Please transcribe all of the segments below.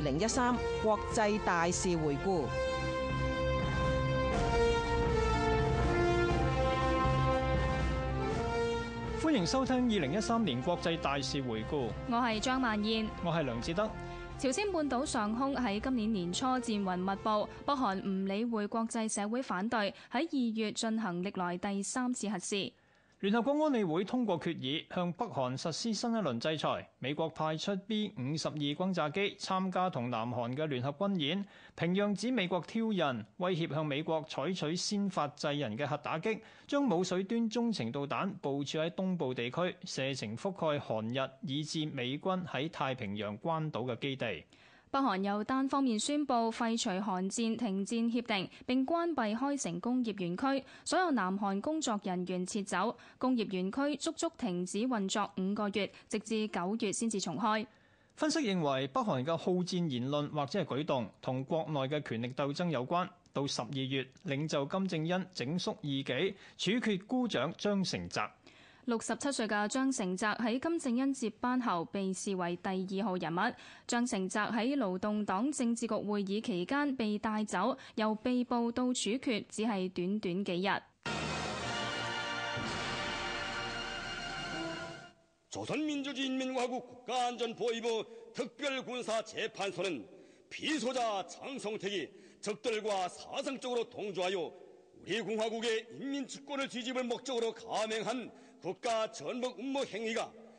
二零一三國際大事回顧，歡迎收聽二零一三年國際大事回顧。我係張萬燕，我係梁志德。朝鮮半島上空喺今年年初戰雲密布，北韓唔理會國際社會反對，喺二月進行歷來第三次核試。聯合國安理會通過決議，向北韓實施新一輪制裁。美國派出 B 五十二轟炸機參加同南韓嘅聯合軍演。平壤指美國挑釁，威脅向美國採取先發制人嘅核打擊，將舞水端中程導彈部署喺東部地區，射程覆蓋韓日，以至美軍喺太平洋關島嘅基地。北韓又單方面宣布廢除韓戰停戰協定，並關閉開城工業園區，所有南韓工作人員撤走，工業園區足足停止運作五個月，直至九月先至重開。分析認為，北韓嘅好戰言論或者係舉動同國內嘅權力鬥爭有關。到十二月，領袖金正恩整肅異己，處決姑丈張成澤。六十七歲嘅張成澤喺金正恩接班後，被視為第二號人物。張成澤喺勞動黨政治局會議期間被帶走，由被捕到處決只係短短幾日。朝鮮民主主義人民共和國國家安全保衛部特別軍事재판소는피소자장성택이적들과사상적으로동조國家唔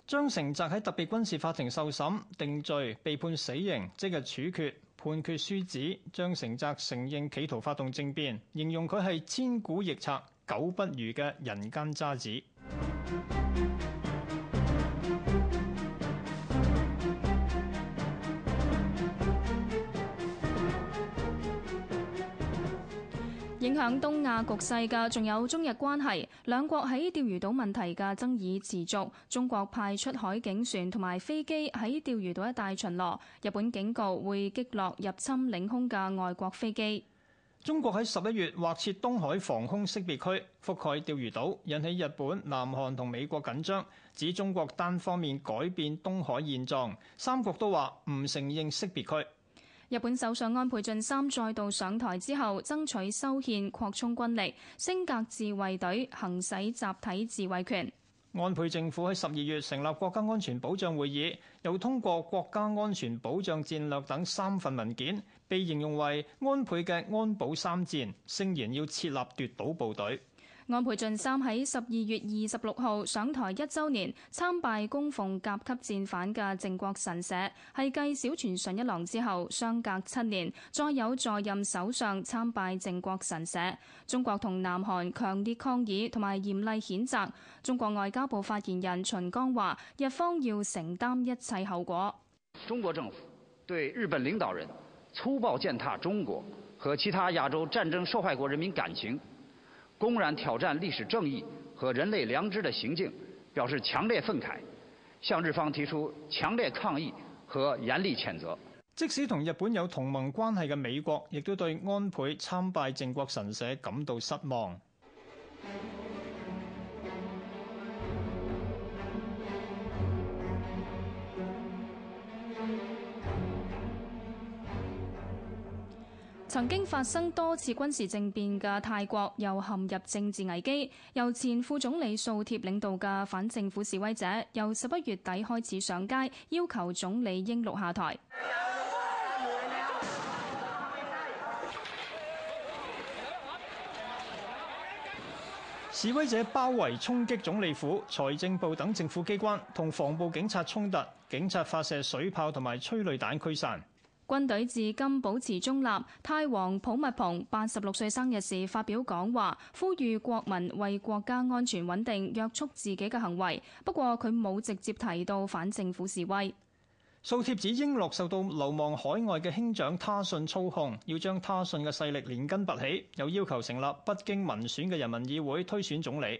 張成澤喺特別軍事法庭受審定罪，被判死刑，即日處決。判決書指張成澤承認企圖發動政變，形容佢係千古逆賊、狗不如嘅人間渣子。 影響東亞局勢嘅仲有中日關係，兩國喺釣魚島問題嘅爭議持續。中國派出海警船同埋飛機喺釣魚島一帶巡邏，日本警告會擊落入侵領空嘅外國飛機。中國喺十一月劃設東海防空識別區，覆蓋釣魚島，引起日本、南韓同美國緊張，指中國單方面改變東海現狀，三國都話唔承認識別區。日本首相安倍晉三再度上台之後，爭取修憲擴充軍力，升格自衛隊，行使集體自衛權。安倍政府喺十二月成立國家安全保障會議，又通過國家安全保障戰略等三份文件，被形容為安倍嘅安保三戰，聲言要設立奪島部隊。安倍晉三喺十二月二十六號上台一週年，參拜供奉甲級戰犯嘅靖國神社，係繼小泉純一郎之後相隔七年再有在任首相參拜靖國神社。中國同南韓強烈抗議同埋嚴厲譴責。中國外交部發言人秦剛話，日方要承擔一切後果。中國政府對日本領導人粗暴踐踏中國和其他亞洲戰爭受害國人民感情。公然挑戰歷史正義和人類良知的行徑，表示強烈憤慨，向日方提出強烈抗議和嚴厲譴責。即使同日本有同盟關係嘅美國，亦都對安倍參拜靖國神社感到失望。曾經發生多次軍事政變嘅泰國又陷入政治危機，由前副總理素貼領導嘅反政府示威者，由十一月底開始上街要求總理英祿下台。示威者包圍衝擊總理府、財政部等政府機關，同防暴警察衝突，警察發射水炮同埋催淚彈驅散。軍隊至今保持中立。泰王普密蓬八十六歲生日時發表講話，呼籲國民為國家安全穩定約束自己嘅行為。不過佢冇直接提到反政府示威。數貼指英祿受到流亡海外嘅兄長他信操控，要將他信嘅勢力連根拔起，又要求成立不經民選嘅人民議會推選總理。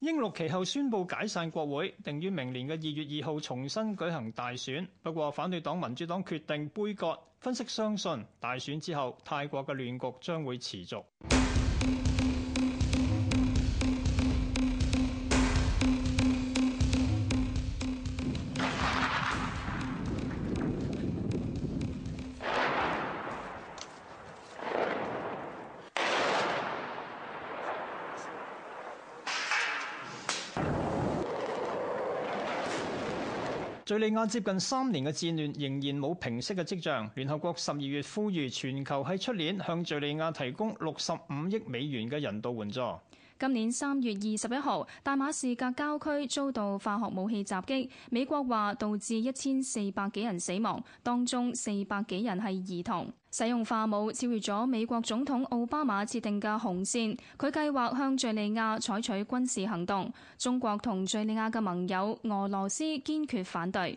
英六其後宣布解散國會，定於明年嘅二月二號重新舉行大選。不過反對黨民主黨決定杯葛。分析相信大選之後，泰國嘅亂局將會持續。敘利亞接近三年嘅戰亂仍然冇平息嘅跡象，聯合國十二月呼籲全球喺出年向敘利亞提供六十五億美元嘅人道援助。今年三月二十一號，大馬士革郊區遭到化學武器襲擊，美國話導致一千四百幾人死亡，當中四百幾人係兒童。使用化武超越咗美國總統奧巴馬設定嘅紅線，佢計劃向敍利亞採取軍事行動。中國同敍利亞嘅盟友俄羅斯堅決反對。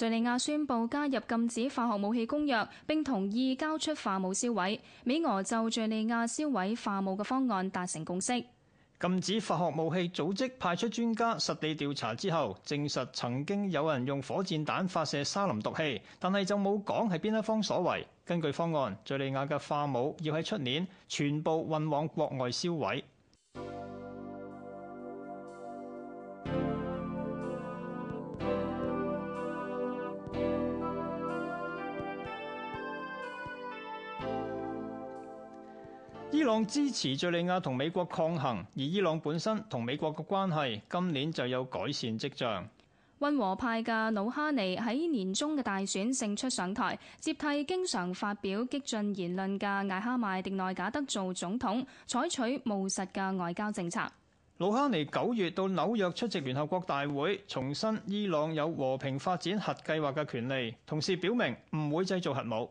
敘利亞宣佈加入禁止化學武器公約，並同意交出化武銷毀。美俄就敘利亞銷毀化武嘅方案達成共識。禁止化學武器組織派出專家實地調查之後，證實曾經有人用火箭彈發射沙林毒氣，但係就冇講係邊一方所為。根據方案，敘利亞嘅化武要喺出年全部運往國外銷毀。支持敍利亞同美國抗衡，而伊朗本身同美國嘅關係今年就有改善跡象。溫和派嘅魯哈尼喺年中嘅大選勝出上台，接替經常發表激進言論嘅艾哈邁迪內賈德做總統，採取務實嘅外交政策。魯哈尼九月到紐約出席聯合國大會，重申伊朗有和平發展核計劃嘅權利，同時表明唔會製造核武。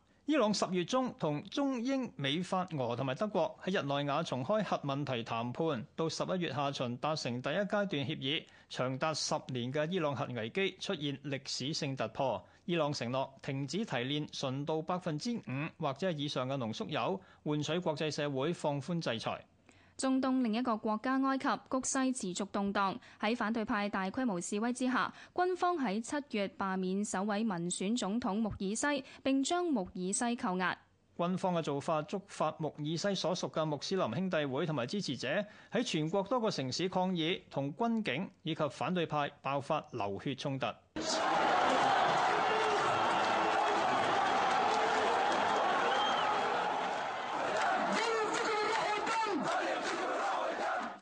伊朗十月中同中英美法俄同埋德國喺日內瓦重開核問題談判，到十一月下旬達成第一階段協議，長達十年嘅伊朗核危機出現歷史性突破。伊朗承諾停止提煉純度百分之五或者以上嘅濃縮鈾，換取國際社會放寬制裁。中東另一個國家埃及局勢持續動盪，喺反對派大規模示威之下，軍方喺七月罷免首位民選總統穆爾西，並將穆爾西扣押。軍方嘅做法觸發穆爾西所屬嘅穆斯林兄弟會同埋支持者喺全國多個城市抗議，同軍警以及反對派爆發流血衝突。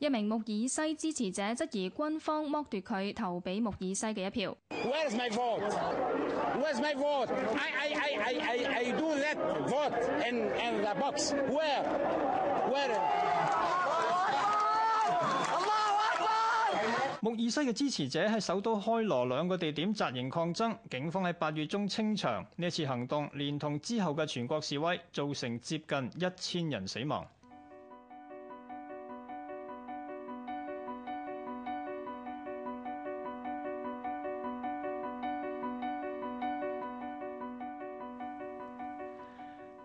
名穆爾西支持者質疑軍方剝奪佢投俾穆爾西嘅一票。穆爾西嘅支持者喺首都開羅兩個地點紮營抗爭，警方喺八月中清場。呢次行動連同之後嘅全國示威，造成接近一千人死亡。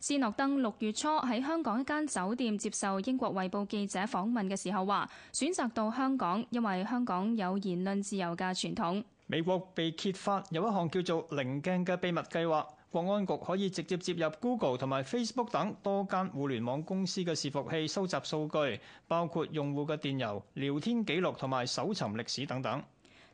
斯諾登六月初喺香港一間酒店接受英國衛報記者訪問嘅時候話，選擇到香港因為香港有言論自由嘅傳統。美國被揭發有一項叫做棱鏡嘅秘密計劃，國安局可以直接接入 Google 同埋 Facebook 等多間互聯網公司嘅伺服器收集數據，包括用戶嘅電郵、聊天記錄同埋搜尋歷史等等。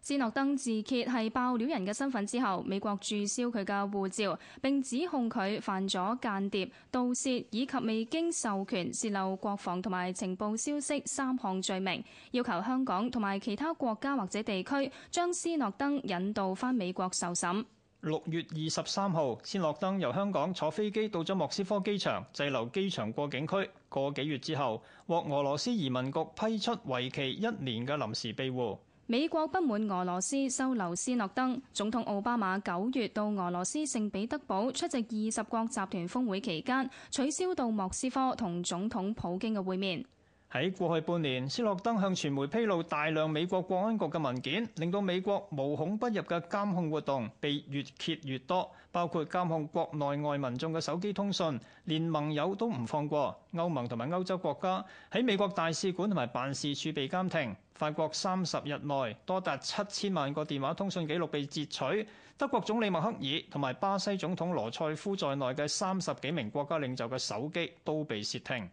斯諾登自揭係爆料人嘅身份之後，美國註銷佢嘅護照，並指控佢犯咗間諜、盜竊以及未經授權洩漏國防同埋情報消息三項罪名，要求香港同埋其他國家或者地區將斯諾登引渡翻美國受審。六月二十三號，斯諾登由香港坐飛機到咗莫斯科機場，滯留機場過境區，個幾月之後獲俄羅斯移民局批出為期一年嘅臨時庇護。美國不滿俄羅斯收留斯諾登，總統奧巴馬九月到俄羅斯聖彼得堡出席二十國集團峰會期間，取消到莫斯科同總統普京嘅會面。喺過去半年，斯諾登向傳媒披露大量美國國安局嘅文件，令到美國無孔不入嘅監控活動被越揭越多，包括監控國內外民眾嘅手機通訊，連盟友都唔放過。歐盟同埋歐洲國家喺美國大使館同埋辦事處被監聽。法國三十日內多達七千萬個電話通訊記錄被截取，德國總理默克爾同埋巴西總統羅塞夫在內嘅三十幾名國家領袖嘅手機都被竊聽。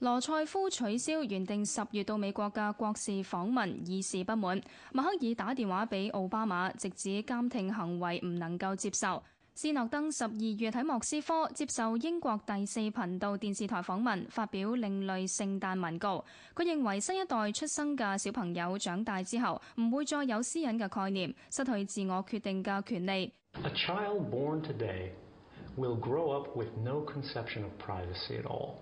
羅塞夫取消原定十月到美國嘅國事訪問，以示不滿。默克爾打電話俾奧巴馬，直指監聽行為唔能夠接受。斯諾登十二月喺莫斯科接受英國第四頻道電視台訪問，發表另類聖誕文告。佢認為新一代出生嘅小朋友長大之後，唔會再有私隱嘅概念，失去自我決定嘅權利。A child born today will grow up with no conception of privacy at all.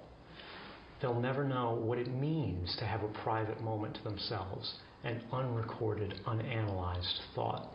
They'll never know what it means to have a private moment to themselves and unrecorded, unanalyzed thought.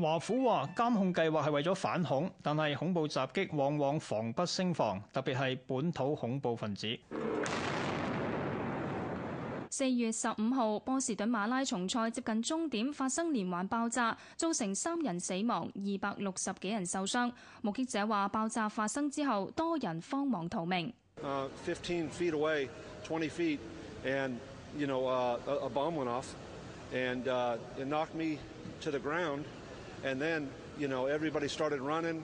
華府話監控計劃係為咗反恐，但係恐怖襲擊往往防不勝防，特別係本土恐怖分子。四月十五號，波士頓馬拉松賽接近終點發生連環爆炸，造成三人死亡、二百六十幾人受傷。目擊者話：爆炸發生之後，多人慌忙逃命。15 feet away, 20 feet, and, you know, a bomb went off and knocked me to the ground. And then, you know, everybody started running,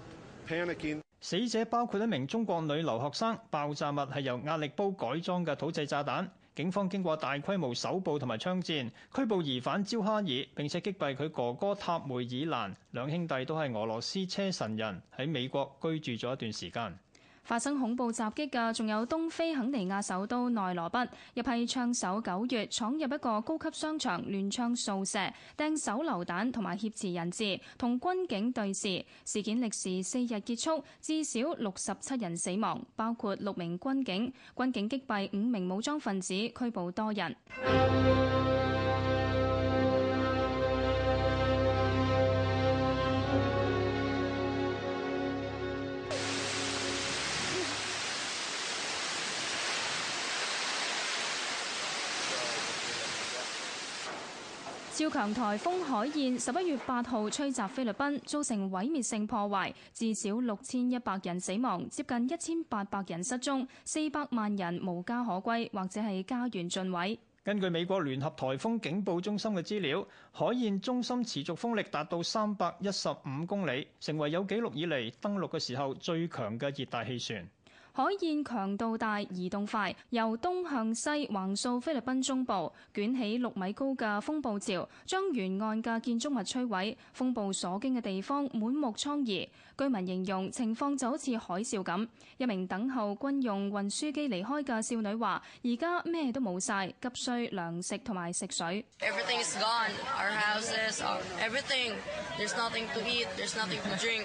panicking. 死者包括一名中國女留學生，爆炸物係由壓力煲改裝嘅土製炸彈。警方經過大規模搜捕同埋槍戰，拘捕疑犯焦哈爾，並且擊斃佢哥哥塔梅爾蘭。兩兄弟都係俄羅斯車臣人，喺美國居住咗一段時間。發生恐怖襲擊嘅仲有東非肯尼亞首都內羅畢，一批槍手九月闖入一個高級商場亂槍掃射，掟手榴彈同埋挾持人質，同軍警對峙。事件歷時四日結束，至少六十七人死亡，包括六名軍警。軍警擊斃五名武裝分子，拘捕多人。超強颱風海燕十一月八號吹襲菲律賓，造成毀滅性破壞，至少六千一百人死亡，接近一千八百人失蹤，四百萬人無家可歸或者係家園盡毀。根據美國聯合台風警報中心嘅資料，海燕中心持續風力達到三百一十五公里，成為有紀錄以嚟登陸嘅時候最強嘅熱帶氣旋。海燕強度大，移動快，由東向西橫掃菲律賓中部，捲起六米高嘅風暴潮，將沿岸嘅建築物摧毀。風暴所經嘅地方滿目瘡痍，居民形容情況就好似海嘯咁。一名等候軍用運輸機離開嘅少女話：「而家咩都冇晒，急需糧食同埋食水。」Everything is gone. Our houses are everything. There's nothing to eat. There's nothing to drink.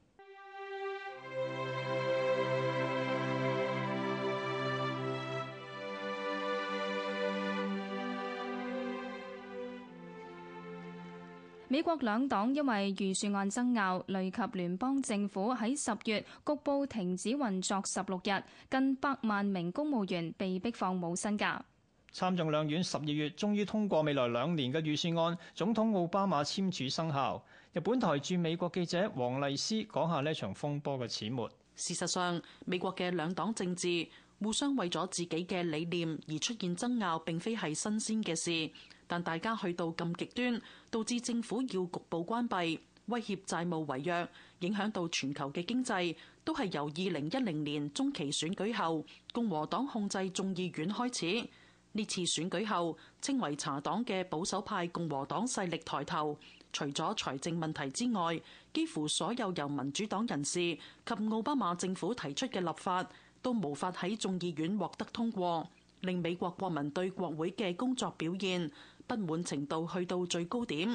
美國兩黨因為預算案爭拗，累及聯邦政府喺十月局部停止運作十六日，近百萬名公務員被迫放冇薪假。參眾兩院十二月終於通過未來兩年嘅預算案，總統奧巴馬簽署生效。日本台駐美國記者黃麗思講下呢場風波嘅始末。事實上，美國嘅兩黨政治互相為咗自己嘅理念而出現爭拗，並非係新鮮嘅事。但大家去到咁極端，導致政府要局部關閉，威脅債務違約，影響到全球嘅經濟，都係由二零一零年中期選舉後共和黨控制眾議院開始。呢次選舉後，稱為茶黨嘅保守派共和黨勢力抬頭，除咗財政問題之外，幾乎所有由民主黨人士及奧巴馬政府提出嘅立法都無法喺眾議院獲得通過，令美國國民對國會嘅工作表現不滿程度去到最高點，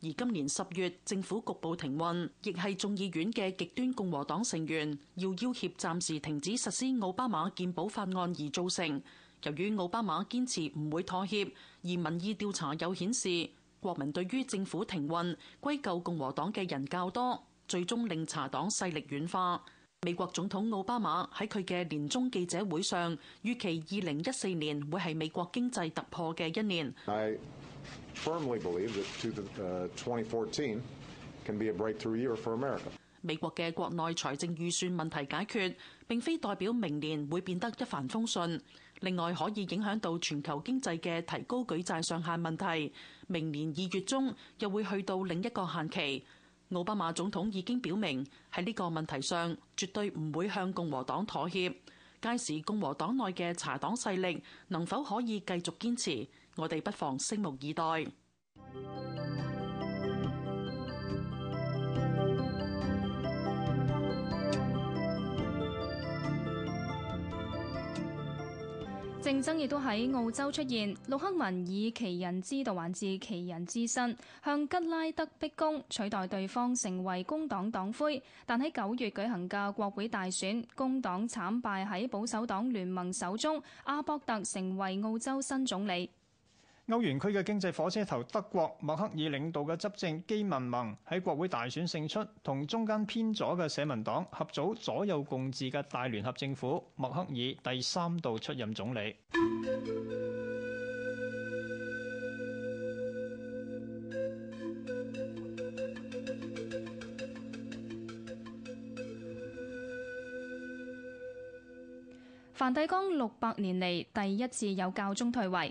而今年十月政府局部停運，亦係眾議院嘅極端共和黨成員要要挾暫時停止實施奧巴馬健保法案而造成。由於奧巴馬堅持唔會妥協，而民意調查又顯示國民對於政府停運歸咎共和黨嘅人較多，最終令查黨勢力軟化。美國總統奧巴馬喺佢嘅年終記者會上預期二零一四年會係美國經濟突破嘅一年。firmly believe that 2014 can be a breakthrough year for America。美國嘅國內財政預算問題解決，並非代表明年會變得一帆風順。另外，可以影響到全球經濟嘅提高舉債上限問題，明年二月中又會去到另一個限期。奧巴馬總統已經表明喺呢個問題上絕對唔會向共和黨妥協。屆時共和黨內嘅茶黨勢力能否可以繼續堅持，我哋不妨拭目以待。競爭亦都喺澳洲出現，陸克文以其人之道還治其人之身，向吉拉德逼宮取代對方成為工黨黨魁。但喺九月舉行嘅國會大選，工黨慘敗喺保守黨聯盟手中，阿博特成為澳洲新總理。歐元區嘅經濟火車頭德國，默克爾領導嘅執政基民盟喺國會大選勝出，同中間偏左嘅社民黨合組左右共治嘅大聯合政府，默克爾第三度出任總理。梵蒂岡六百年嚟第一次有教宗退位。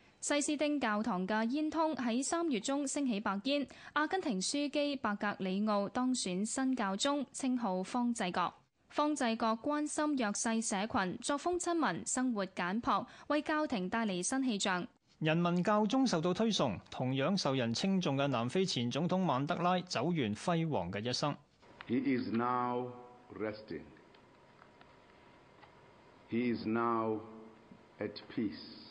西斯丁教堂嘅煙通喺三月中升起白煙。阿根廷樞機伯格里奧當選新教宗，稱號方濟各。方濟各關心弱勢社群，作風親民，生活簡樸，為教廷帶嚟新氣象。人民教宗受到推崇，同樣受人敬重嘅南非前總統曼德拉走完輝煌嘅一生。He is now resting. He is now at peace.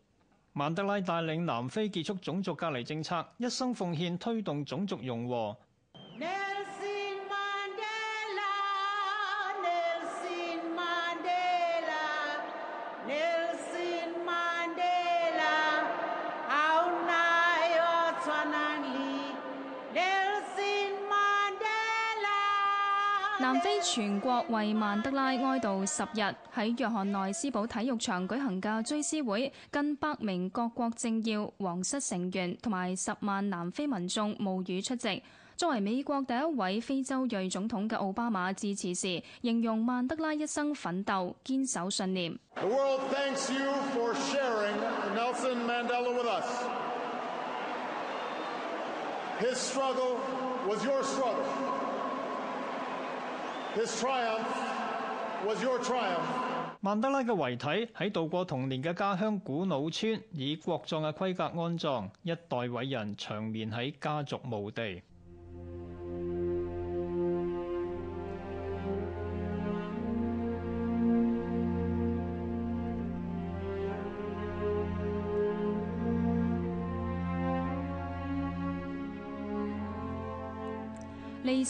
曼德拉帶領南非結束種族隔離政策，一生奉獻推動種族融合。南非全國為曼德拉哀悼十日，喺約翰內斯堡體育場舉行嘅追思會，近百名各國政要、皇室成員同埋十萬南非民眾冒雨出席。作為美國第一位非洲裔總統嘅奧巴馬致辭時，形容曼德拉一生奮鬥、堅守信念。曼德拉嘅遺體喺度過童年嘅家鄉古老村，以國葬嘅規格安葬，一代偉人長眠喺家族墓地。.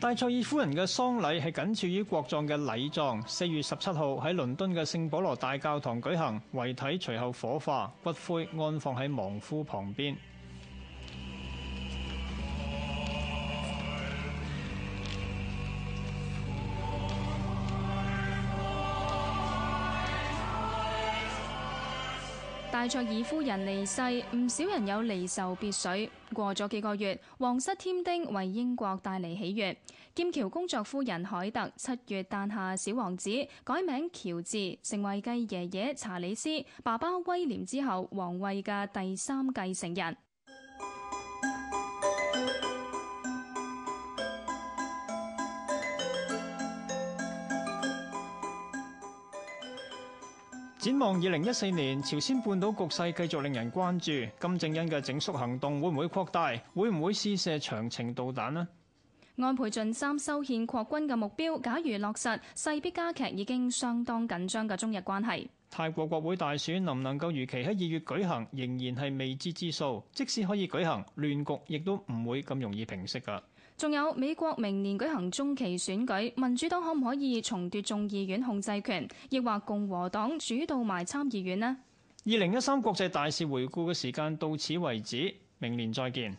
戴塞爾夫人嘅喪禮係僅次於國葬嘅禮葬，四月十七號喺倫敦嘅聖保羅大教堂舉行，遺體隨後火化，骨灰安放喺亡夫旁邊。卓爾夫人離世，唔少人有離愁別緒。過咗幾個月，皇室添丁為英國帶嚟喜悅。劍橋工作夫人凱特七月誕下小王子，改名喬治，成為繼爺爺查理斯、爸爸威廉之後，皇位嘅第三繼承人。展望二零一四年，朝鮮半島局勢繼續令人關注。金正恩嘅整肅行動會唔會擴大？會唔會試射長程導彈呢？安倍晉三修憲擴軍嘅目標，假如落實，勢必加劇已經相當緊張嘅中日關係。泰國國會大選能唔能夠如期喺二月舉行，仍然係未知之數。即使可以舉行，亂局亦都唔會咁容易平息㗎。仲有美國明年舉行中期選舉，民主黨可唔可以重奪眾議院控制權，亦或共和黨主導埋參議院呢？二零一三國際大事回顧嘅時間到此為止，明年再見。